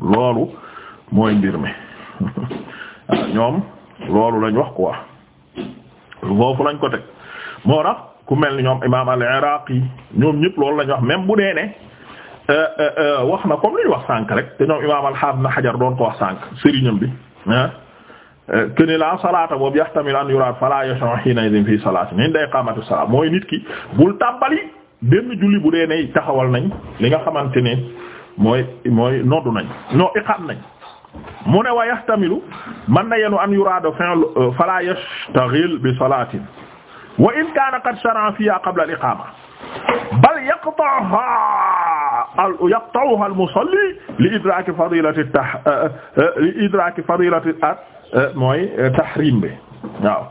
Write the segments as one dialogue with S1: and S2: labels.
S1: loolu mooy mbir mi waaw ah, ñoom loolu lañ wax quoi foofu lañ ko teg moo tax ku mel ni ñoom imaam al-Iraqi ñoom ñëpp loolu lañ wax même bu dee ne euh, euh, euh, wax na comme li wax sànk rek te ñoom imaam al-Hafiz na Hajar doon ko wax sànk sëriñam bi ah kene la salaata boobu yahtamil an yuraad fala yashra hina idin fi salaatin inda iqaamati salaat mooy nit ki bul tàmbali benn julli bu dee ne taxawal nañ li nga xamante ne mooy mooy noddu nañ non iqaam nañ mu ne wa yahtamilu man na yenu an yuraada fi'l euh, fala yastaghil bi salatin wa in kaana qad shara'a fiha qabla al iqama bal yaqta'uha al yaqta'uha al musalli li idraki fadilati euh, euh, li idraki fadilati at mooy tahrim bi waaw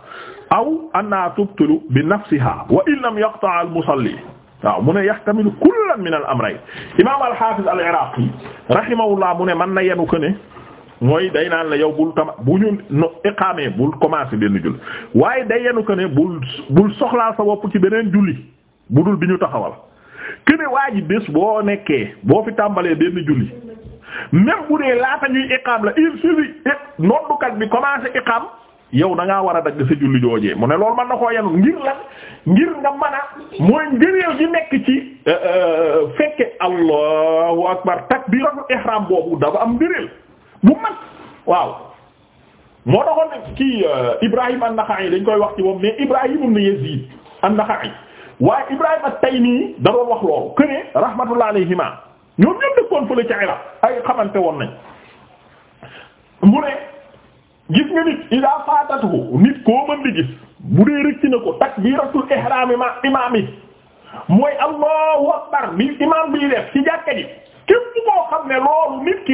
S1: aw anna tubtilu bi nafsiha wa in lam yaqta' al musalli waaw mu ne yaxtamilu kullan min al amrayn imaam al hafiz al iraqi rahimahullah mu ne man na yenu ko ne mooy day naan la yow bul tama bu ñu no iqaamee bul commencé benn julli waaye day yenu ko ne bul bul soxlaal sa bopp ci beneen julli bu dul bi ñu taxawal kene waa bés boo nekkee boo fi tàmbalee benn julli même bu dee laata ñuy iqaam la il suffit noddukat bi commencé iqaam yow dangaa war a dagg sa julli joojee mu ne loolu mën na koo yenu ngir lan ngir nga mën a mooy ngëréew gi nekk ci eh, eh, fekke allahu akbar takbiratul ihram boobu dafa am ngëréel bu mag waaw moo taxoon nag kii eh, Ibrahim an-Naxa'i dañ koy wax ci moom mais Ibrahim ibn Yazid an-Naxa'i waaye Ibrahim at-Taymi da doon wax loolu que rahmatullah alayhima ñoom ñoom dëkkoon fële ca Iraq ay xamante woon nañ mu ne gis nga nit ida faatatuhu nit koo mën di gis bu dee rëcc ko takbiratul ihram ma imaam yi mooy allahu akbar bi imaam bi def ci jàkka ji képp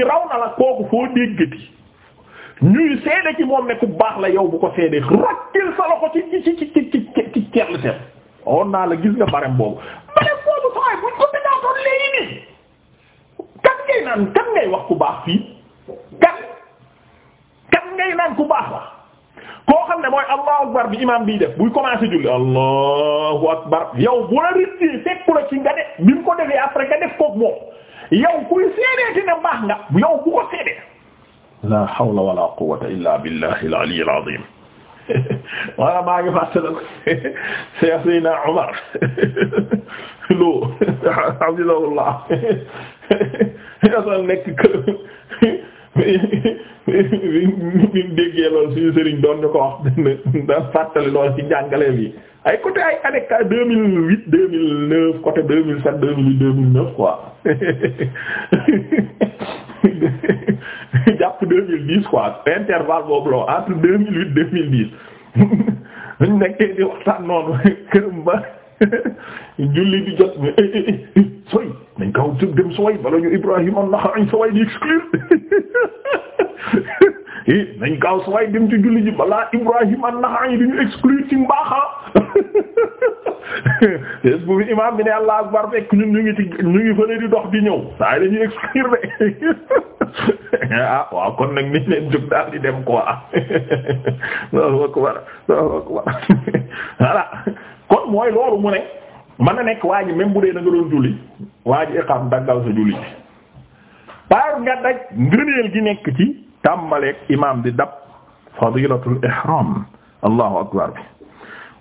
S1: raw na la kooku foo déggati moom ne ku baax la yow bu ko seede rakkil sa loxo ci ci ci ci ci ci ceerli on naa la gis nga barem boobu barem boobu sawaay buñ ko binaatoon léegi nii kan ngay naan kan ngay wax ku baax fii ngay naan ku baax la koo xam ne mooy allahu akbar bi imam bii def buy commencé julli allahu akbar yow bu la rit yi fekku la ci nga def bi mu ko defee après nga def koog moom yow kuy seedeeti ne baax nga yow bu ko seedee la hawla wala quwwata illa billahi al-ali al-azim wala maa ngi fàttala Cheikh Seydina Omar loo hafizahullah yasal nekk kër bi ñu déggee lool suñu sëriñ doon ñu ko wax da fàttali lool ci njàngale bi ay côté ay année deux mille huit deux mille neuf côté deux mille sept deux mille huit deux mille neuf quoi jàpp deux mille dix quoi intervalle boobu loo entre deux mille huit deux mille dix ñu nekkee di waxtaan noonu këram ba julli di jot soy nañ ko jël dem Suwayd bala ñu Ibrahim an-Nakha'i Suwayd di exclure i nañ gaaw saway dem ci julli ji balaa Ibrahim an-Nakha'i di ñu exclure ci mbaaxa es bu fi imam bi ne Allah akbar fekk ñu ngi de ah, waaw kon nag niñ leen jóg daal di dem quoi Allahu akbar Allahu akbar voilà kon mooy loolu mu ne mën na nekk waa ji bu dee da nga doon julli waa ji daggal sa julli bi par nga daj ngëneel gi nekk ci tàmbaleeg imam di dab fadilatul allahu akbar bi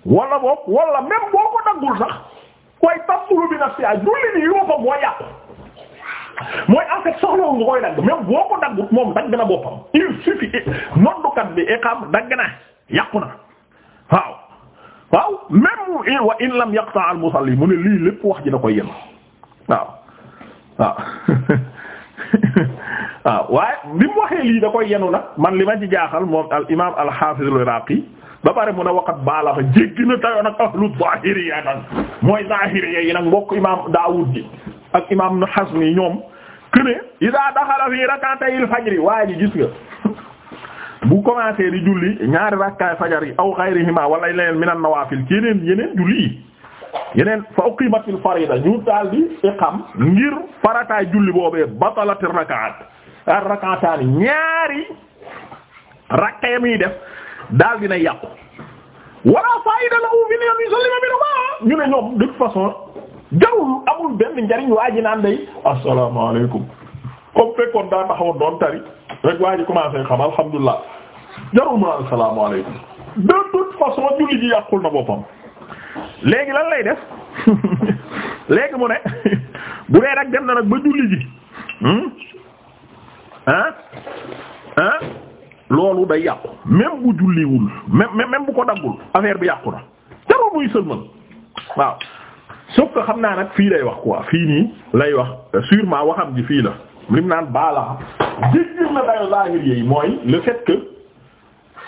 S1: wala boog wala même boo ko daggul sax koy tappulu bi naf si a julli ko mooy yàqu mooy en fait nga koy dagg même boo ko daggut moom dagg na boppam il suffit noddukat bi iqam dagg na yàqu na waaw même wa in lam yaqta al musalli mu ne lii lépp wax ji da koy yem waaw waaw waaw waaye bi mu waxee lii da koy yenu nag man li ma ci jaaxal moom al imaam al hafiz al iraqi ba pare mu ne waqat baalaxa jéggi na tayoo nag ahlu zahiriya nag mooy zahiriya yi nag mbokk imaam daawud ji ak imaam nu hazmi ñoom këne ida daxala fi rak'atayil fajri waaye ji bu commencé di julli ñaari rakkaay fajar yi aw xayrihima wala yeneen minan nawaafil ci yeneen yeneen julli yi yeneen fa uqimatil farida ñu daal di iqam ngir farataay julli boobee batalati rakaat ar ñaari rakkaayam yi def daal dina yàqu. wala fayida la wu fi ne yow sallima bi ñu ne ñoom de façon jarul amul benn njariñ waa ji naan day asalaamaaleykum comme fekkoon daa taxawoon doon tari. rek waa ji commencé xam alhamdulilah jarul ma asalaamaaleykum de toute façon julli ji yàqul na boppam léegi lan lay def léegi mu ne bu dee nag dem na nag ba julli ji ah ah loolu day yàqu même bu julliwul même même bu ko daggul affaire bi yàqu na jarul muy sëlmal waaw sauf que xam naa nag fii lay wax quoi fii nii lay wax sûrement waxam ji fii la. lim naan baala jéggil na dayo zahir yi mooy le fait que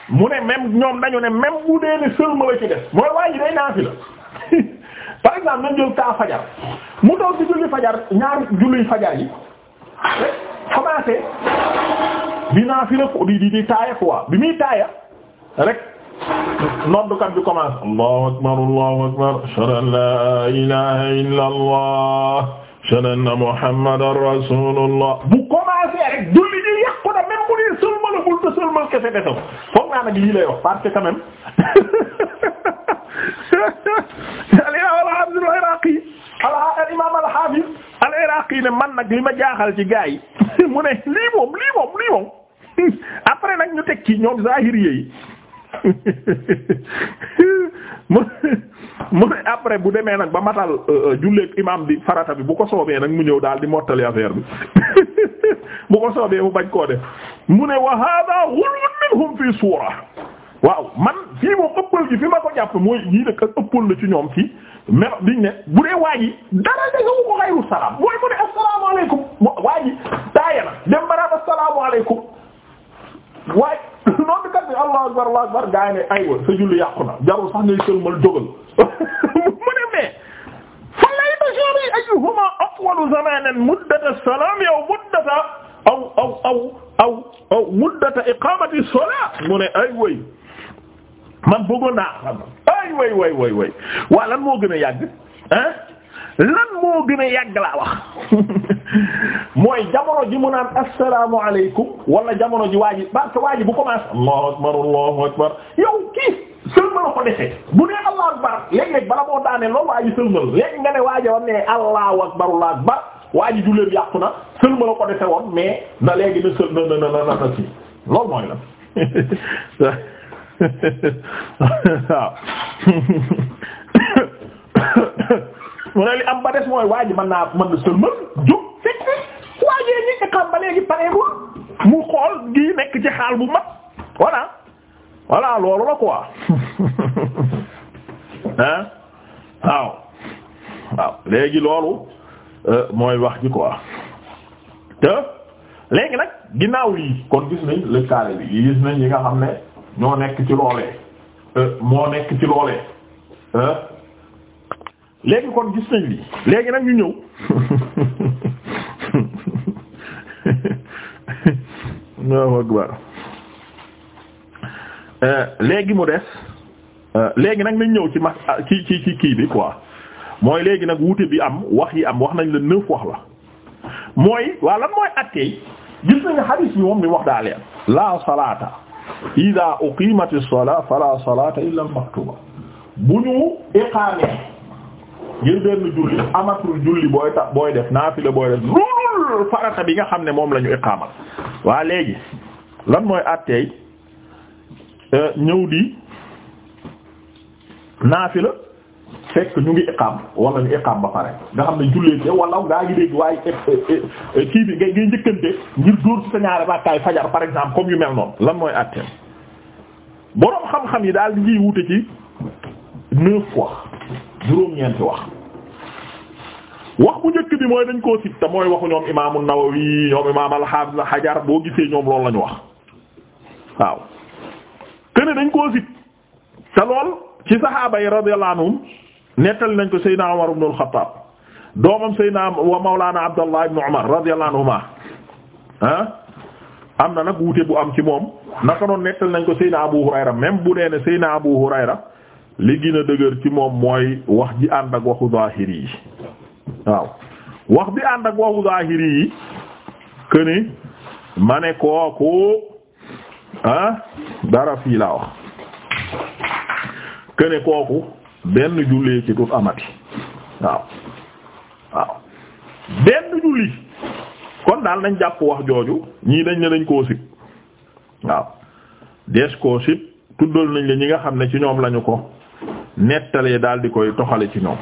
S1: mu ne même ñoom dañu ne même bu dee ne sëlma la ci def mooy waa ji day naafi par exemple nañ jël taa fajar mu doon ci julli fajar ñaari julli fajar yi commencé di naafi la ko di di taaya quoi bi muy taaya rek noddukat bi commencé allahu akbar allahu akbar ashhadu an la ilaha illa allah sanan na Muhammadan rasulullah bu commencé rek julli ji yàqu na même bu dee sëlmalagul te sëlmal kese desaw foog naa nag lii lay wax parce al-imam al-hafiz al-iraqi ne man nag li ma jaaxal ci gaa yi mu ne lii moom lii après nag ñu teg ci ñoom zahiri mu ne après bu demee nag ba matal euh, euh, julleek imam bi farata bi bu ko soobee nag mu ñëw daal di mottali affaire bi bu ko soobee mu bañ koo de mu ne wa hada ghulun minhum fi suura waaw man fii moom ëppal gi fi ma ko jàpp mooy yii nag ak ëppal la ci ñoom fii mais diñ ne bu dee waa ji dara defawu ko xayru salaam mooy mu ne asalaamaaleykum waa ji taaya na dem baraat asalaamaaleykum waaye noonu kat bi allahu akbar allahu akbar gaa yi ne aywa sa julli yàqu na jarul sax ngay sëlmal jógal mu ne mais fa layta shari ayyuhuma atwalu zamanan muddata salaam yow muddata aw aw aw aw aw muddata iqamati salat mu ne ay way man bëggoon naa xam ay way way way way waa lan moo gën a yàgg ah lan moo gën a yàgg laa wax mooy jamono ji mu naan assalaamu alaykum wala jamono ji waa ji parce que waa allahu akbar allahu akbar yow kii sëlmal a ko defee bu nee allahu akbar léeg-léeg bala moo daane loolu waa sëlmal léegi nga ne waa ji war allahu akbar allahu akbar waa ji yàqu na sëlmal a ko defee woon mais na léegi na sël na na na na na si loolu mooy la waaw mu ne li am ba des mooy waa ji mën naa mën na sëlmal jóg fekk waajee ñi iqam ba léegi pareegul mu xool gi nekk ci xaal bu mat voilà voilà loolu la quoi hein waaw waaw léegi loolu euh, mooy wax ji quoi te léegi nag ginnaaw lii kon gis nañ lëkkaale bi yi gis nañ yi nga xam ne ñoo nekk ci loolee euh, moo nekk ci loolee léegi kon gis nañ léegi nag ñu ñëw waaw akbar euh, léegi mu des euh, léegi nag nañ ñëw ci ma ah, ci ci ci kii bi quoi mooy léegi nag wuute bi am wax yi am wax nañ la neuf wax la mooy waa lan mooy attey gis nañu hadith moom ni wax daal leen la salata ida uqimatis salat fala salaata illa al maktuba bu ñu iqamee ngir benn julli amatul julli booy ta booy def naafila booy def loolul farata bi nga xam ne moom la ñu iqaamal waa léegi lan mooy àtteey e, ñëw di la fekk ñu ngi iqaam wala ñu iqaam ba pare nga xam ne jullee te wala ngaa ngi dégg waaye e, e, kii bi ngay ngay njëkkante ngir dóor ci sa ñaari bàkkaay fajar par exemple comme yu mel noonu lan mooy àtteey boroom xam-xam yi daal di ngiy wute ci neuf fois juróom-ñeenti wax wax bu njëkk bi mooy dañ koo sib te mooy waxu ñoom imaamu Nawawi ñoom imaam al-Hafiz boo gisee ñoom loolu la wax waaw kene dañ koo sib te lool ci saxaaba yi radiyallahu anhum nañ ko Seydina Umar ibn al-Khattab doomam Seydina wa ah? am na nag wuute bu am ci moom naka noonu nettali nañ ko Seydina Abu Hurayra même bu nee ne Seydina Abu Hurayra li gën a dëgër ci moom mooy wax ji ànd ak waxu zahiri yi waaw wax bi ànd ak waxu zahiri yi këni ma kooku ah dara fii laa wax këne kooku benn jullee ci tut amati waaw waaw benn julli kon daal nañ jàpp wax jooju ñii dañ ne dañ koo sib waaw dees koo sib tuddal nañ la ñi nga xam ne ci ñoom lañu ko nettalee daal di koy toxale ci ñoom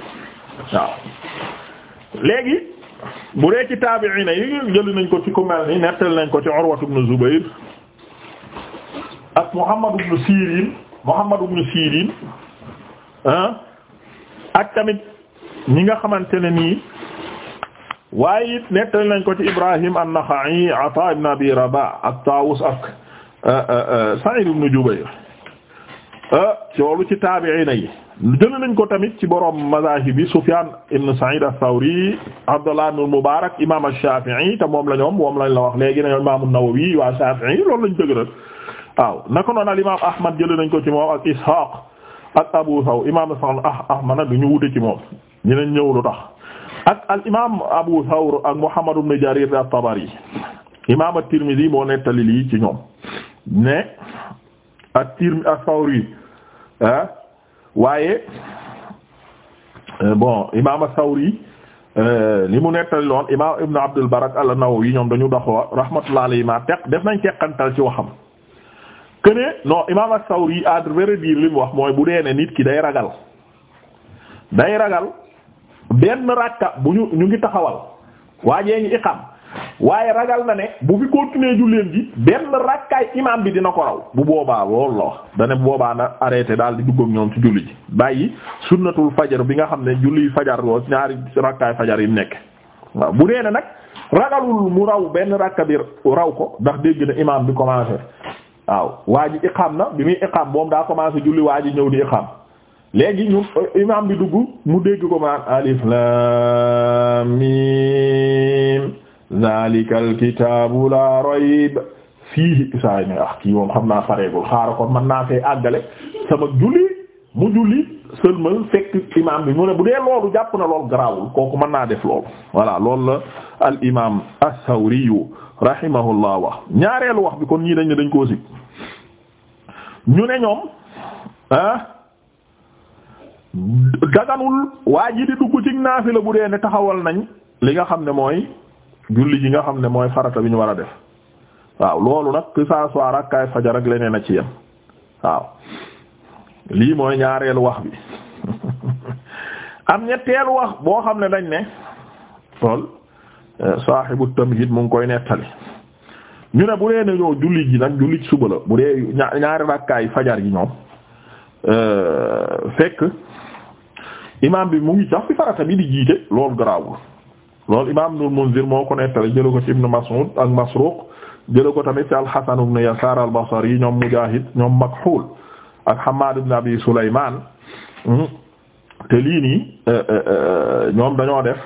S1: waaw léegi bu dee ci taabi'ina yi jëli nañ ko ci ku mel ni nettali nañ ko ci Urwatu ibn Zubayr ak Muhammad ibn Sirin Muhammad ibn Sirin ah, ak tamit ñi nga xamante ne nii waaye it nettali nañ ko ci Ibrahim an-Nakha'i Ata ibn Abi Rabah ak Tawus ah, ak ah, Sa'id ibn Jubayr Ah, loolu ci taabi'ina yi jël nañ ko tamit ci borom mazahib yi Sufyan ibn Sa'id ath-Thawri Abdullah ibn al-Mubarak imam ash-Shafi'i te moom la ñoom moom lañ la wax léegi ne imam an-Nawawi waa Shafi'i loolu lañ dëgëral waaw naka noonu al imam Ahmad jël nañ ko ci moom ak Ishaq ak Abu Thawr imam ah, Ahmad nag du ñu wute ci moom ñeneen ñëw lu tax ak al imam Abu Thawr ak Muhammad ibn Jarir at-Tabari imam at-Tirmidhi moo nettali lii ci ñoom ne at-Tirmidhi ath ah waaye euh, bon imaam as-Sawri li euh, mu nettali loon imaam Ibn Abdul Barak an-Nawawi ñoom dañu doxoo rahmatullahi alayhi ma teq def nañ teqantal ci waxam. que ne non imaam as-Sawri à vrai dire li wax mooy bu dee ne nit ki day ragal day ragal benn rakka bu ñu ñu ngi taxawal waa jee ngi iqam waaye ragal na ne bu fi continuer julleen ji benn rakkaay imaam bi dina ko raw bu boobaa loolu la wax bu boobaa na arrêté daal di dugg ak ñoom ci julli ji bàyyi sunnatul fajar bi nga xam ne julli fajar lool ñaari rakkaay fajar yi nekk waaw bu dee ne nag ragalul mu raw benn rakka bi raw ko ndax dégg na imaam bi commencé waaw waa ji iqaam na bi muy iqaam moom daa commencé julli waa ji ñëw di iqaam léegi ñu imaam bi dugg mu dégg ko maan alif lam mim zalika alkitabu la rayb fiihi saa yi ah kii moom xam naa pareegul xaaral kon mën naa fee àggale sama julli mu julli sëlmal fekk imaam bi mu ne bu dee loolu jàpp na loolu garaawul kooku mën naa def loolu voilà loolu la al imaam as-Sawri wax ñaareelu wax bi kon ñii dañ ne dañ koo si ñu ne ñoom ah daganul waa ji di dugg ci naafila bu dee ne taxawal nañ li nga xam ne mooy. julli ji nga xam ne mooy farata bi ñu war a def waaw loolu nag que ça soit rakkaay fajar ak leneen a ci yem waaw lii mooy ñaareelu wax bi am ñetteelu wax boo xam ne dañ ne lool euh, saaxibu tamhid mu ngi koy nettali ñu ne bu dee ne ñoo julli ji nag julli suba la bu dee ñaari rakkaay fajar yi ñoom euh, fekk imaam bi mu ngi jox fi farata bi di jiite loolu garaawul loolu imaam Ibnul Munzir moo ko nettali ko ci Ibnu Mas'ud ak Masruq jëla ko tamit ci al-Hasan ibn Yasar ñoom Mujaahid ñoom Makhul ak Hammaad ibn Abi Sulaymaan te lii nii eh, eh, eh, ñoom dañoo def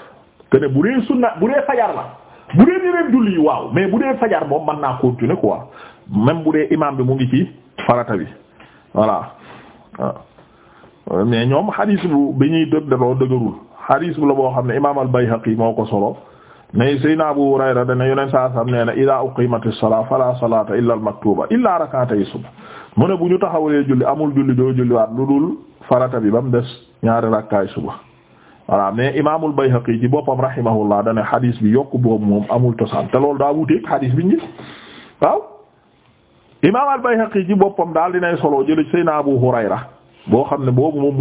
S1: que ne bu dee sunna bu dee fajar la bu dee ñeneen julli waaw mais bu dee fajar moom mën naa continuer quoi même bu dee imaam bi mu ngi ci farata bi voilà ah. mais ñoom xadiis bu bi ñuy dëb dadoo dëgërul xadiis bu la boo xam ne imaam al-Bayhaqi moo ko solo mais sayna Abu Hurayra dana yoneen saa sam nee na idaa uqimati salaa fala salata illa al-maktuba illa rak'atay subh mu ne bu ñu taxawalee julli amul julli doo julliwaat lu dul farata bi ba mu des ñaari rakkaay suba voilà mais imaamul Bayhaqi ci boppam rahimahullah dana xadiis bi yokk boobu moom amul tosaan te loolu daa wuteeg xadiis bi ñu waaw imaam al-Bayhaqi ci boppam daal dinay solo jële sayna na Hurayra boo xam ne boobu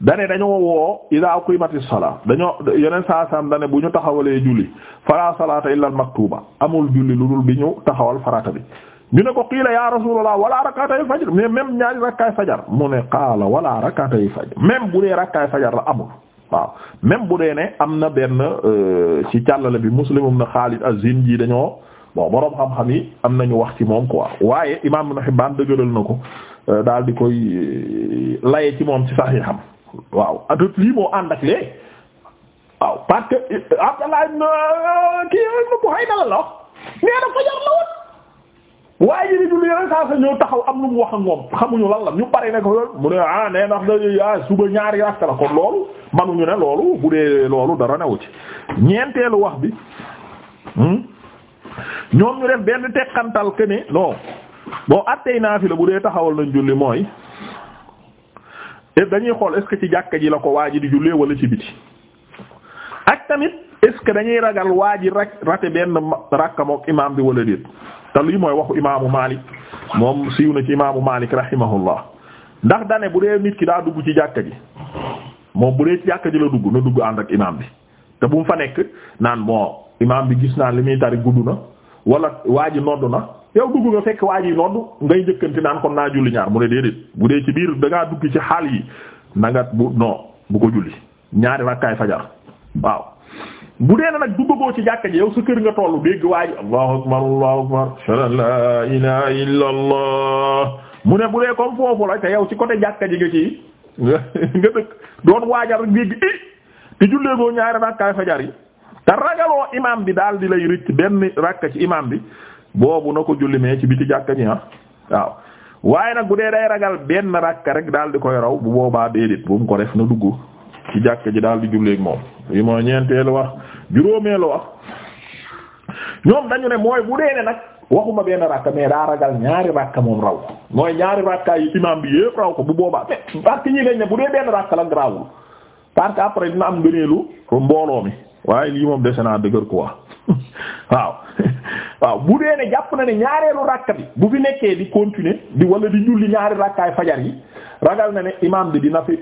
S1: dane dañoo woo ida aqimati salaa dañoo yeneen saasam dane bu ñu taxawalee julli fala salata illa al maktuba amul julli lu dul bi ñu taxawal farata bi ñu ne ko qiila ya rasulullah wala rakatay fajr mais même ñaari rakkaay fajar mu ne qaala wala rakatay fajr même bu dee rakkaay fajar la amul waaw même bu dee ne am na benn euh, ci càllale bi muslim na Khalid az-Zinji dañoo bon boroom xam-xam yi am na ñu wax ci moom quoi waaye imam Ibn Hibban dëgëral na ko euh, daal di koy euh, laye ci moom ci saxiixam waaw atot lii moo ànd ak lee waaw parce que eh, Abdallah ibn euh, kii ibn euh, Buhayna la la nee na fajar la woon waaye ji julli yeneen saa sa ñëw taxaw am lu mu wax ak moom xamuñu lan la ñu pare ne mu ne ah nee ndax da ah, ah, suba ñaari rakka la kon loolu manuñu ne loolu bu dee loolu dara newu ci ñeenteelu wax bi hmm? ñoom ñu def benn teqantal que ne non bon naa fi la bu dee taxawal nañ julli mooy dañuy xool est-ce que ci jàkka ji la ko waa ji di jullee wala ci biti ak tamit est-ce que dañuy ragal waa ji rak rate benn rakka mook imaam bi wala déet te lii mooy waxu imaamu Maalik moom siiw na ci imaamu Maalik rahimahullah ndax dane bu dee nit ki daa dugg ci jàkka ji moom bu dee ci jàkka ji la dugg na dugg ànd ak imaam bi te bu mu fa nekk naan bon imaam bi gis naa li muy tari gudd na wala waa ji nodd na yow dugg nga fekk waa yi noddu ngay njëkkanti naan kon naa julli ñaar mu ne déedéet bu dee ci biir da ngaa dugg ci xaal yi na bu non bu ko julli ñaari rakkaay fajar waaw. bu dee na nag du bëggoo ci jàkka ji yow sa kër nga toolu dégg waaj ji allahu akbar allahu akbar la ilaha illa allah mu ne bu dee comme foofu la te yow ci côté jàkka ji nga ci nga dëkk doon waajal rek dégg i te jullee goo ñaari rakkaay fajar yi te ragaloo imaam bi daal di lay rëcc ci imaam bi. boobu na ko julli mais ci biti jàkka ji ah waaw waaye nag bu dee day ragal benn rakka rek daal di koy raw bu boobaa déedéet bu mu ko def na dugg ci jàkka ji daal di julleek moom yi mooy ñeenteelu wax juróomeelu wax ñoom dañu ne mooy bu dee ne nag waxuma benn rakka mais daa ragal ñaari rakka moom raw mooy ñaari rakka yi imam bi yépp raw ko bu boobaa mais parce que ñi ne bu dee benn rakka la grawul parce que après dina am gëneelu mbooloo mi waaye lii moom dese naa dëgër quoi waaw waaw bu dee ne jàpp na ne ñaareelu rakka bi bu fi nekkee di continuer di wala di julli ñaari rakkaay fajar yi ragal na ne imaam bi dina fi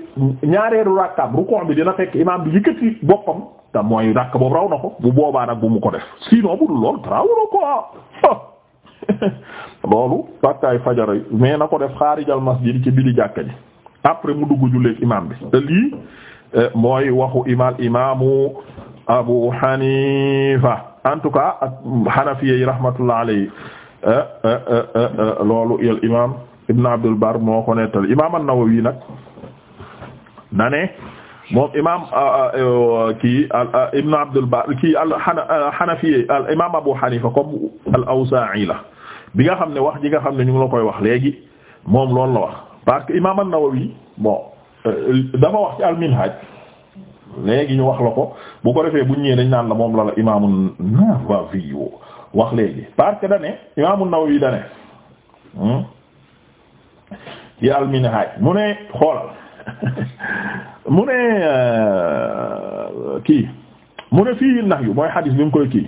S1: ñaareelu rakkaam rukoo bi dina fekk imaam bi yëkkati boppam te mooy rakk boobu raw na ko bu boobaa nag bu mu ko def sinon bu dul lool rawna ko loolu rakkaay fajar yi mais na ko def xaarijal masjid ci biir jàkka ji après mu dugg julleek imaam bi te eh, mooy waxu imaam imaamu Abu Hanifa en tout cas ak xanafiye yi rahmatullah alayhi eh, eh, eh, loolu yal imaam Bar moo ko nettal imaam an-Nawawi nag na ne moom imaam ah, ah, kii ah, Ibn Abdul Bar kii al xanafiye al imaam Abu Hanifa comme al-Awzaa'i la bi nga xam ne wax ji nga xam ne ñu ngi la koy wax léegi moom loolu la wax parce que imaam an-Nawawi bon euh, dafa wax ci al-Minhaj léegi ñu wax la ko bu ko defee bu ñëwee dañ naan la moom la la imaamu Nawawi wax léegi parce que dane imaamu Nawawi dane hmm? ci al-Minhaj mu ne xoolal mu ne euh, kii mu ne fii nahyu mooy xadis bi mu koy kii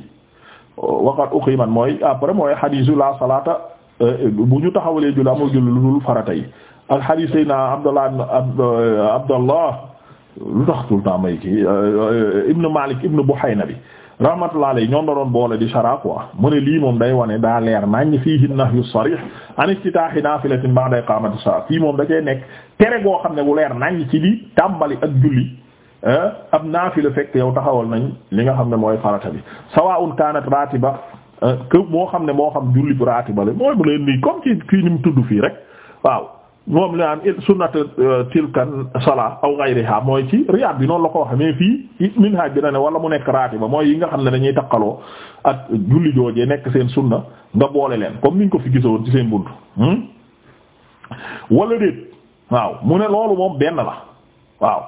S1: waqat uqiman mooy après mooy xadisu la salata euh, bu ñu taxawalee julli amul julli lu dul farata yi al xadis sayna Abdullah euh, Abdullah lu tax tout le temps may kii euh, euh, Ibn Malik Ibn Buhayna bi rahmatullah alayhi ñoom la doon boole di shara quoi mu ne lii moom day wane daa leer naññ fiihi nahyu sarih an iftitaahi naafilatin ba'da iqaamati salaat fii moom da cee nekk tere goo xam ne bu leer naññ ci di tàmbali ak julli eh, ab naafila fekk yow taxawal nañ li nga xam ne mooy farata bi sawaa'un kaanat raatiba eh, kë moo xam ne moo xam julli bu raatiba la mooy mu leen nii comme ci kii ni mu tudd fii rek waaw. moom laa am sunnat euh, tilkan sala aw ghayriha mooy ci riyaad bi noonu la ko waxe mais fii minhaj bi na ne wala mu nekk raatiba mooy yi nga xam ne dañuy takkaloo ak julli joojee nekk seen sunna nga boole leen comme niñ ko fi gisoon ci seen bunt hmm? wala déet waaw mu ne loolu moom benn la waaw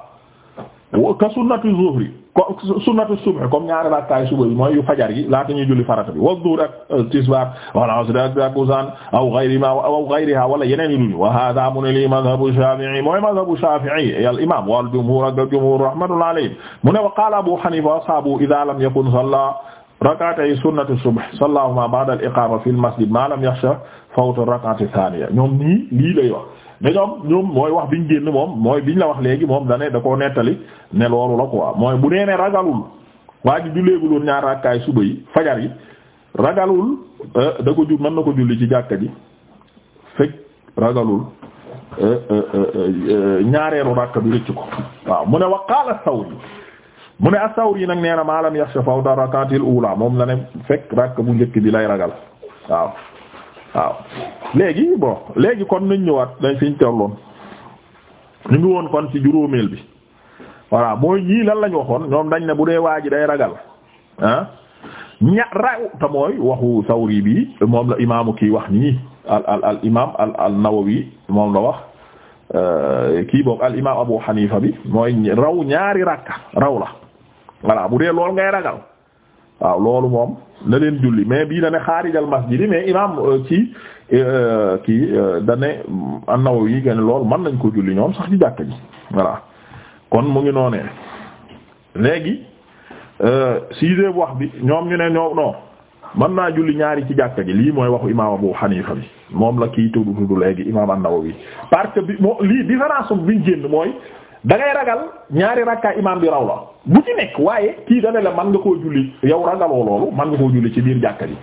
S1: ka sunnatu zuhri ko sunnatu subhi comme ñaari rakkaay suba bi mooy yu fajar yi laata ñuy julli farata bi wa zuhr ak euh, tisbaar wala asr ak takusaan aw ghayriha aw ghayriha wala yeneen yu dul wa hadha mu ne li madhabu shafi'i mooy madhabu shafi'i al imam wal jumhur ak jumhur rahmatullahi alayhim mu ne wa qala abu hanifa wa ashabu idha lam yakun salla rak'atay sunnatu subh sallahuma ba'da al iqama fi al masjid ma lam yakhsha fawt ar rak'ati thaniya ñoom nii lii lay wax ne ñoom mooy wax biñ génn moom mooy biñ la wax léegi moom da da koo nettali ne loolu ko quoi mooy bu nee ne ragalul waa ji julleegul woon ñaar ràkkaay suba yi fajar yi ragalul euh, da ko jur mën na ko julli ci jàkka ji fekk ragalul euh, euh, ñaareelu rakka bi rëcc ko waaw mu ne wax qaala Sawri mu ne as-Sawri nag nee na maalam yaxsha fawda rakaatil uula moom la ne fekk rakk bu njëkk bi lay ragal waaw waaw léegi bon léegi kon nañ ñëwaat dañ fiñ tolloon ñu ngi woon kon ci juróomeel bi voilà mooy ñii lan lañ waxoon ñoom dañ ne bu dee waa ji day ragal ah ña raw te mooy waxu sawri bi moom la imaamu kii wax nii al al al imaam al al nawawi moom la wax euh, kii boog al imaam abu xanifa bi mooy raw ñaari rakka raw la voilà bu dee lool ngay ragal. waaw loolu moom na leen julli mais bii da ne xaarijal masjidi mais imaam euh, ci euh, kii euh, da ne an yi gën loolu man nañ ko julli ñoom sax ci jàkka ji voilà kon mu ngi noonee léegi sixième wax bi ñoom ñu ne ñoo non mën naa julli ñaari ci jàkka ji lii mooy waxu imaam Abu Hanifa bi moom la kii tudd tudd léegi imaam an-Nawawi parce bi moo lii différence biñ génn mooy da ragal ñaari rakka imaam bi raw la bu ci nekk waaye kii dana la man nga koo julli yow ragaloo loolu man nga koo julli ci biir jàkka ji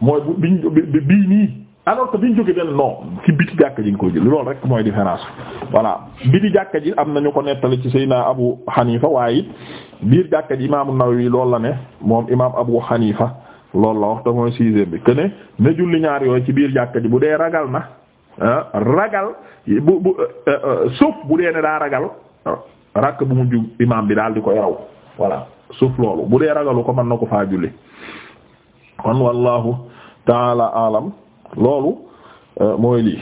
S1: mooy bu biñ bii alors que biñ jógee dana non ci jàkka ji nga koo julli rek mooy différence voilà biti jàkka ji am nañu ko nettali ci Seydina Abu Hanifa waaye it biir jàkka ji imaamu Nawawi loolu la ne moom imaam Abu Hanifa loolu la wax te mooy bi que ne na julli ñaar yooyu ci biir jàkka ji bu dee ragal na. Euh, ragal bu bu euh, euh, suuf bu dee ne daa ragal rakk bu mujj imaam bi daal di koy raw voilà suuf loolu bu dee ragalu ko mën na ko faa julli kon wallahu taala alam loolu mooy lii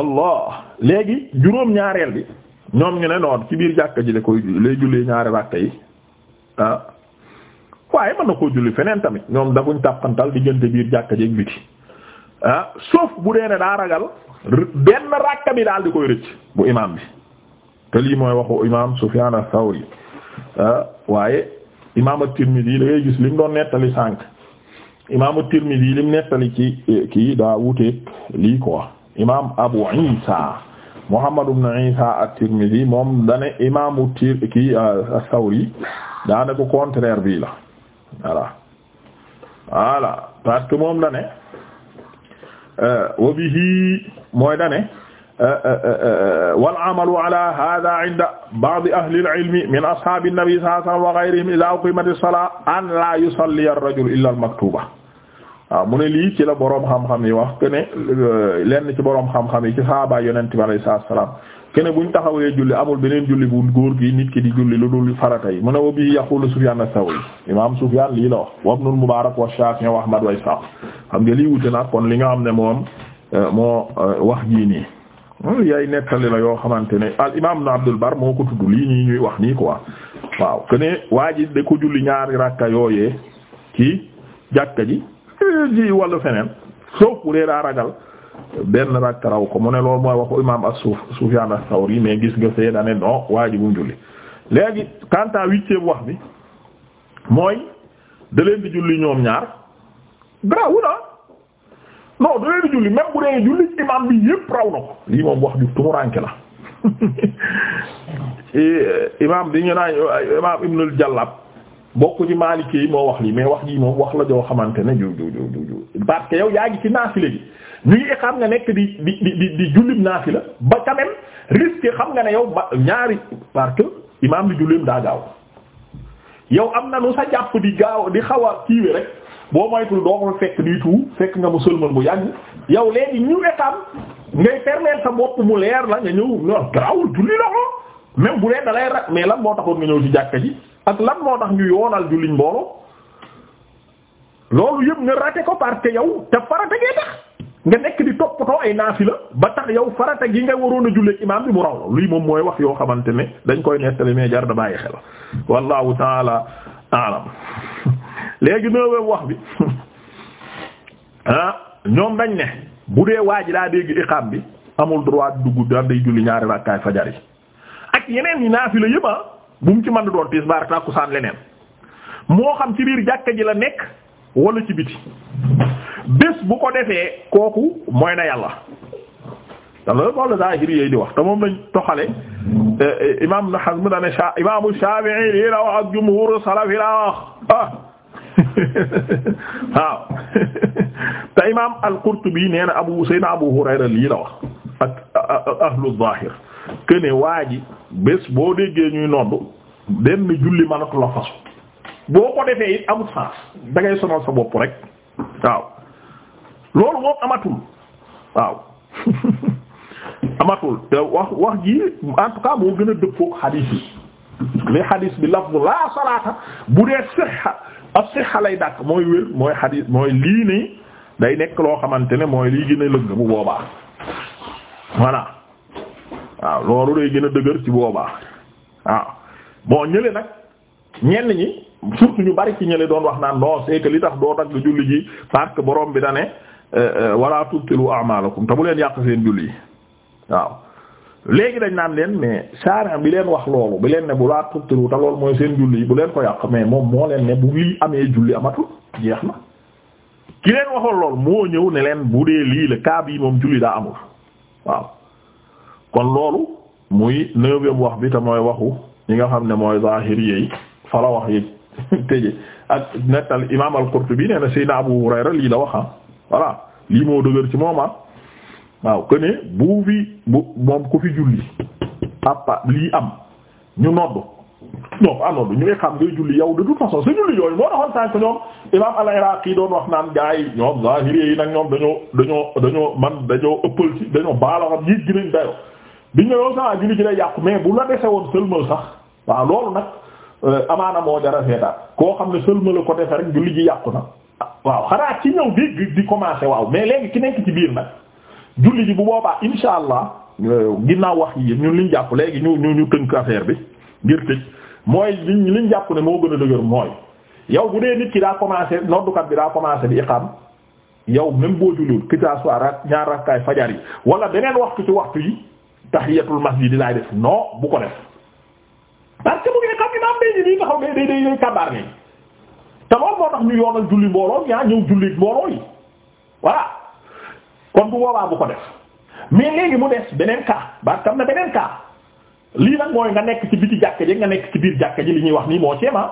S1: allah léegi juróom ñaareel bi ñoom ñu ne noon ci biir jàkka ji la koy lay jullee ñaari rakka yi waaye mën na koo julli feneen tamit ñoom dafuñ tàppantal diggante biir jàkka ji ak biti ah sauf bu dee ne daa ragal benn rakka bi daal di koy rëcc bu imaam bi te lii mooy waxu imaam Sufyaan as-Sawri ah, waaye imaam at-Tirmidhi da ngay gis lim doon nettali sànq imaam at lim nettali ci kii daa wuteeg li quoi imaam Abu Isa Muhammad ibn Isa at-Tirmidhi moom dane imaamu tir kii as-Sawri ah, daanaka contraire bii la voilà voilà moom dane wa bihi mooy dane wal amalu ala hada inda ba'di ahli al-ilmi min ashabi an-nabi sallallahu alayhi wa sallam wa ghayrihim idha uqimat as-salat an la yusalli ar-rajul illa al-maktuba waaw mu ne lii ci la boroom xam-xam yi wax que ne euh, lenn ci boroom xam-xam yi ci sahaaba yonent bi alayhi salaam kene buñ taxawee julli amul beneen julli bu góor gi nit ki di julli lu dul farata yi mu ne wa bii yaqulu a as-Sawri imaam Sufyaan lii la wax wa Ibnul Mubaarak wa Shaafi'i wa Ahmad wa Ishaaq xam nga lii wute na kon li nga xam ne moom euh, moo euh, wax gii nii hmm, yay nettali la yoo xamante ne al imaam na Abdul Bar moo ko tudd lii ñii ñuy wax nii quoi waaw kene waa ji da ko julli ñaari rakka yooyee ki jàkka ji eh, ji wala feneen soo ko dee daa ragal benn rakk raw ko mu ne loolu mooy waxu imaam as-Suf Sufyaan as-Sawri mais gis nga see dane non waajibum julli léegi kanta huitième wax bi mooy da leen di julli ñoom ñaar grawu na non da di julli même bu dee julli imaam bi yépp raw na ko lii moom wax ju tumuranke la euh, imaam bi ñu naan imaam Ibnul Jallab bokk ci Maliki yi moo wax lii mais wax jii moom wax la joo xamante ne ju ju ju ju parce que yow yaa ngi ci naafile gi ñuy xam nga nekk di di di di jullim naafila ba quand même risque xam nga ne yow ba ñaari parce que imaam bi jullim daa gaaw yow am na nu sa jàpp di gaaw di xaw a kiiwe rek boo moytul doo ko fekk di tuut fekk nga musulman bu yàgg yow léegi ñu étape ngay permettre sa bopp mu leer la nga ñëw non garaawul julli la ko même bu dee da lay ra mais lan moo taxoon nga ñëw ci jàkka ji. ak lan moo tax ñu yoonal julliñ mbooloo loolu yëpp nga raté ko parce yow te farata gee tax nga nekk di toppatoo ay naafila ba tax yow farata gi nga waroon a jullee imaam bi mu raw la luy moom mooy wax yoo xamante ne dañ koy nettali mais jar da bàyyi xel wallahu taala alam léegi neuvième wax bi ah ñoom dañ ne bu dee waa ji daa dégg iqaam bi amul droit dugg daan day julli ñaari rakkaay fajar yi ak yeneen yi naafila yëpp ah. bu mu ci mën doon tisbaar tàkkusaan leneen moo xam ci biir jàkka ji la nekk wala ci biti bés bu ko defee kooku mooy na yàlla te loolu la zaahiri yi di wax te moom lañ toxale eh, imaam Ibn Hazm dane imaamu Shaafi'i lii la wax ak jumhuuru salafi la wax ah waaw te imaam al-Qurtubi nee na Abu Sayyidina Abu Hurayra lii la wax ak ahlu zaahir que ne waa ji bés boo déggee ñuy nodd benn julli mënatu la fasu boo ko defee it amul sens da ngay sa bopp rek waaw loolu moom amatul waaw amatul te wax wax ji en tout cas moo gën a dëppook xadiis yi li xadiis bi lafzu laa salaata bu dee sixa ab sixa lay dàkk mooy wér mooy xadiis mooy lii nii day nekk loo xamante ne mooy lii gën a lëng bu boobaa voilà waaw loolu day gën a dëgër ci boobaa waaw bon ñële nag ñenn ñi surtout ñu bari ci ñële doon wax naan non c'est que li tax doo dagg julli ji parce que borom bi da ne euh, euh, wala tubtilu a'malakum te bu leen yàq seen julli yi waaw. léegi dañ naan leen mais sariya bi leen wax loolu bi leen ne bu laa tubtilu te loolu mooy seen julli yi bu leen ko yàq mais moom moo leen ne bu lii amee julli amatul jeex na. ki leen waxoon loolu moo ñëw ne leen bu dee lii la cas bii moom julli daa amul waaw. kon loolu muy neuvième wax bi te mooy waxu ñi nga xam ne mooy zahiriyya yi fala wax yi tëje ak nettal imam al-Qurtubi nee na Seydina Abu Hurayra lii la wax ah voilà lii moo dëgër ci moom ah waaw que ne bu fi moom ku fi julli papa lii am ñu nodd non ah nodd ñu ngi xam ngay julli yow de toute façon sa julli yooyu moo taxoon sànq ñoom imam al doon wax naan gars ñoom zahiriyya yi nag ñoom dañoo dañoo man dañoo ëppal ci dañoo baala xam yéeg bi nga yow saa julli ji lay yàqu mais bu la dese woon sëlmal sax waaw loolu nag euh, amaana moo dara seeta koo xam ne sëlmala ko defe rek julli ji yàqu na ah, waaw xanaa ci ñëw dégg di commencer waaw mais léegi ki nekk ci biir nag julli ji bu boobaa insha allah euh, ginnaaw wax yi ñun liñ jàpp léegi ñu ñu ñu tënk affaire bi ngir tëj mooy liñ liñ jàpp ne moo gën a dëgër mooy yow bu dee nit ki daa commencé noddukat bi daa commencé bi iqam yow même boo julliwul que ça soit ñaar rakkaay fajar yi wala beneen waxtu ci waxtu yi tahiyatul masjid laay def non bu ko def parce que bu ngeen xam imaam day nii nga xam day day day kabaar nii te loolu moo tax ñu yoonal julli mbooloo ñaa ñëw yi voilà kon bu boobaa bu ko def mais léegi mu des beneen cas parce que na beneen cas lii nag mooy nga nekk ci biti jàkka ji nga nekk ci biir jàkka ji li ñuy wax nii moo ceema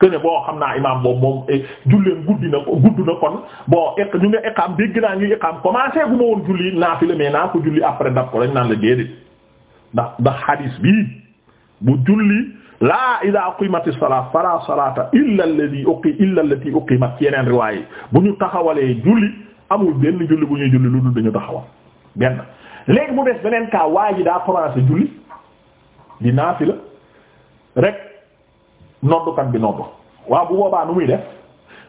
S1: que ne boo xam naa imaam boobu moom eh, julleen guddi na gudd na kon bon ek ñu nga iqaam dégg naa ñuy iqaam commencé gu ma woon julli naafila mais naa ko julli après dab ko dañ naan la déedéet ndax ndax hadis bi bu julli laa ida uqimatis salaat fala salata illa allati uqi illa allati ci yeneen riwaayé bu ñu taxawalee julli amul benn julli bu ñuy julli lu dul dañu taxawal benn léegi mu des beneen cas waa ji daa commencé julli di naafila rek noddukat bi noddu waaw bu boobaa nu muy def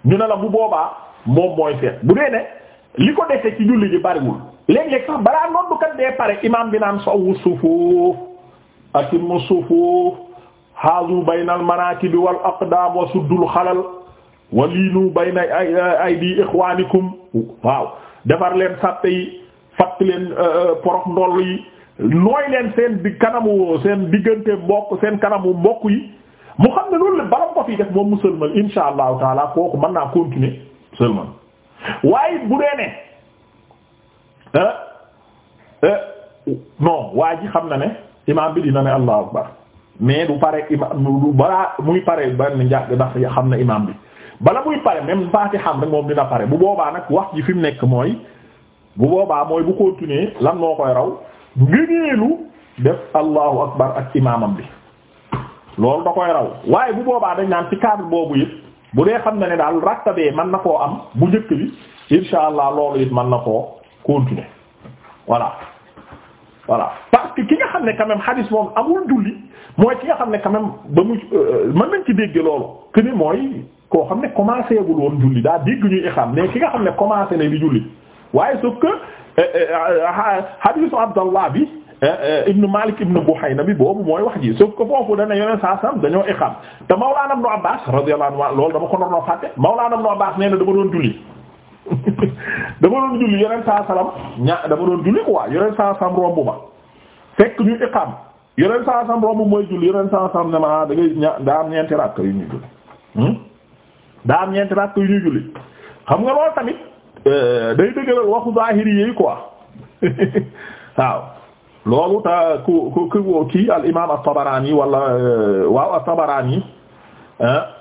S1: ñu ne la bu boobaa moom mooy seet bu dee ne li ko dese ci julli ji bariwul léeg-léeg sax balaa noddukat dee pare imaam bi naan sawwu sufuuf atimmu sufuuf haazu baynal manaakibi wal aqdaam wa suddul xalal wa liinu bayna aydi waaw defar leen sàppe yi fatt leen euh, euh, porox ndoll yi nooy leen seen kanamu seen diggante mbokk seen kanamu mbokk yi mu xam ne loolu la baram ko fii def moom mu sëlmal insha allahu taala kooku mën naa continuer sëlmal waaye bu dee ne euh, euh, non waa ji xam na ne imaam bi dina ne allahu akbar mais du pare imaam du balaa muy pare benn njàgg ndax xam na imaam bi bala muy pare même faati xam rek moom dina pare bu boobaa nag wax ji fi mu nekk mooy bu boobaa mooy bu continuer lan moo koy raw ngëneelu def allahu akbar ak imaamam bi loolu da koy raw waaye bu boobaa dañ naan ci cadre boobu it bu dee xam na ne daal rattabee man na koo am bu njëkk bi insha allah loolu it mën na koo continuer voilà voilà parce que ki nga xam ne quand même hadis moom amul julli mooy ki nga xam ne quand même ba mu euh, mën nañ ci dégg loolu que mooy koo xam ne commencé gul woon julli daal dégg ñuy ixam mais ki nga xam ne commencé na li julli waaye sauf que euh, euh, hadisu bi Eh, eh. ibnu Malik ibnu na bi boobu mooy wax ji sauf ko foofu dana yoneen saa sam dañoo iqam te Mawlana Ibnu Abbas radiyallahu anhu loolu dama ko noonu fàtte Mawlana Ibnu Abbas nee na dama doon julli dama doon julli yoneen saa salam ña dama doon julli quoi yoneen saa sam romb ma fekk ñu iqam yoneen saa sam romb mooy julli yoneen saa sam ne ma ah, da ña daa am ñeenti rakk yu ñuy julli hmm? daa am ñeenti rakk yu ñuy julli xam nga lool tamit eh, day dëggalal waxu zahiri yi quoi loolu ta ku ku ku kii al imaam at-Tabarani wala euh, waaw at-Tabarani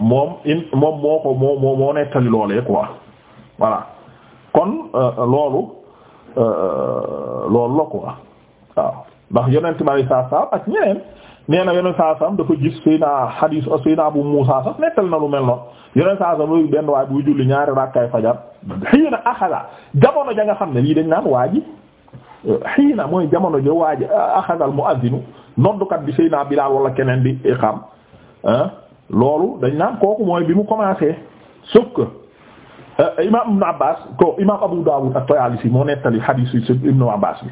S1: moom in moom moo ko moo moo moo nettali loolee quoi voilà kon euh, loolu euh, loolu la quoi waaw ndax yonent bari saa saa ak ñeneen nee na yonent saa saam dafa gis suy naa xadiis suy naa bu Muusaa sax nettali na lu mel noonu yonent saa saam loolu benn waay buy julli ñaari rakkaay fajar xëy na axala jamono ja nga xam ne lii dañ naan waa ji. xiina mooy jamono jo waaja ah, axadal muazzinu noddukat bi Seydina Bilaal wala keneen bi iqaam ah, loolu dañ naan kooku mooy bi mu commencé sauf que eh, imaam Ibn Abbas ko imaam Abu Dawud at-Tayalisi moo nettali hadiis Ibn Abbas bi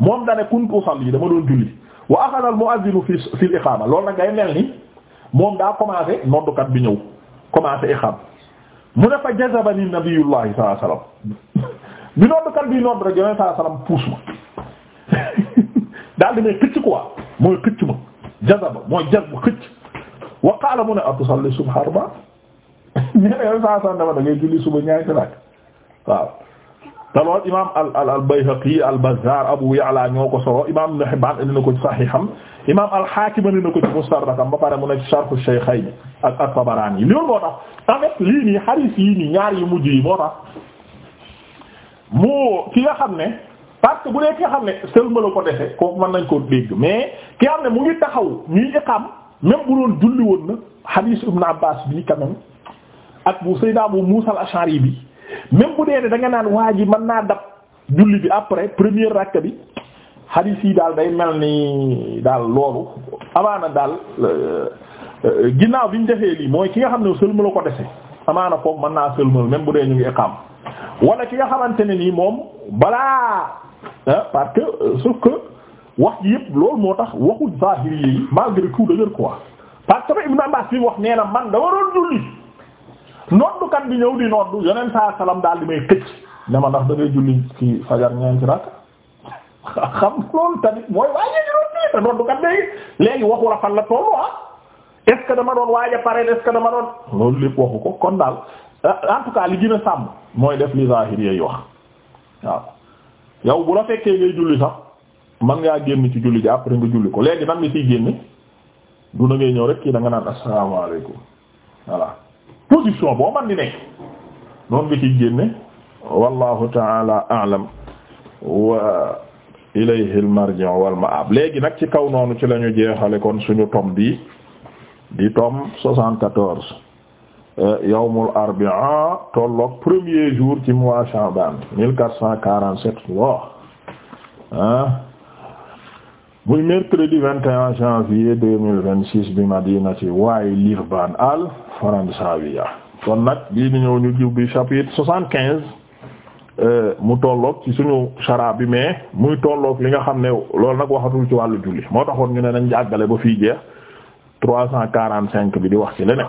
S1: moom dane kuntu yi dama doon julli wa axadal muazzinu fi fi l-iqaama loolu nag ngay mel ni moom daa commencé noddukat bi ñëw commencé iqaam mu ne fa jazabani nabiyullahi sallallahu alayhi bi noddkat bi nodd rek yoneen saa salaam puus ma daal di may xëcc quoi mooy xëcc ma jazaba mooy jaz bu xëcc wa qaala mu ne atusalli subha arba ñene yoneen saa salaam dama da ngay julli suba al al Bayhaqi al Bazzar Abu Ya'la ñoo ko solo imam Ibn Hibbaan indi na ko ci Sahiham imam al Haakim indi na ko ci Mustadrakam ba pare mu ne ci Sharh Shaykhayn ak at-Tabarani loolu moo tax en fait lii nii xaris yii nii ñaar yu mujj yi moo moo ki nga xam ne parce que bu dee ki nga xam ne sëlmala ko defe kooku mën nañ koo dégg mais ki nga xam ne mu ngi taxaw ñuy iqaam même bu doon julli woon na hadith Ibn Abbas bi quand même ak bu Sayyid Abu Musa al-Ash'ari bi même bu dee ne da nga naan waa ji mën naa dab julli bi après première rakka bi hadith yi daal day mel ni daal loolu amaana daal euh, euh, ginnaaw bi ñu defee lii mooy ki nga xam ne sëlmala ko defe amaana kooku mën naa sëlmal même bu dee ñu ngi iqaam wala ki nga xamante ne nii moom balaa parce que euh, sauf que wax ji loolu moo tax waxu zahiri yi malgré tout dëgër quoi parce wax nee na man dama doon julli bi ñëw di noddu yeneen saa daal di may xëcc ma ndax da ngay julli ci fajar tamit mooy waaye ñu doon léegi waxu la fan la ah. ce que dama doon waaj a pare est ce que dama doon loolu lépp waxu ko kon daal en tout cas li gën sàmm mooy def li zahir yoy wax waaw yow bu la fekkee ngay julli sax man ngaa génn ci julli ji après nga julli ko léegi nan ni ciy génne du na ñëw rek kii da nga naan asalaamaaleykum voilà position boo man di nekk noonu nga ciy génne wallahu taala alam wa ilayhi al marji' wal ma'ab léegi nag ci kaw noonu ci lañu ñu jeexale kon suñu tom bi di tom soixante-quatorze Euh, yawmul arbi'a tolloog premier jour ci mois Chaban 1447 waaw ah muy mercredi 21 janvier 2026 bi ci madinati Wa'il-Irban al-Faransawiya kon nag bii di ñëw ñu jiw bi chapitre 75. Euh, mu tollook ci suñu chara bi mais muy tolloog li nga xam ne loolu nag waxatul ci wàllu julli moo taxoon ñu ne nañ jàggale ba fii jeex trois cent quarante cinq bi di wax ci leneen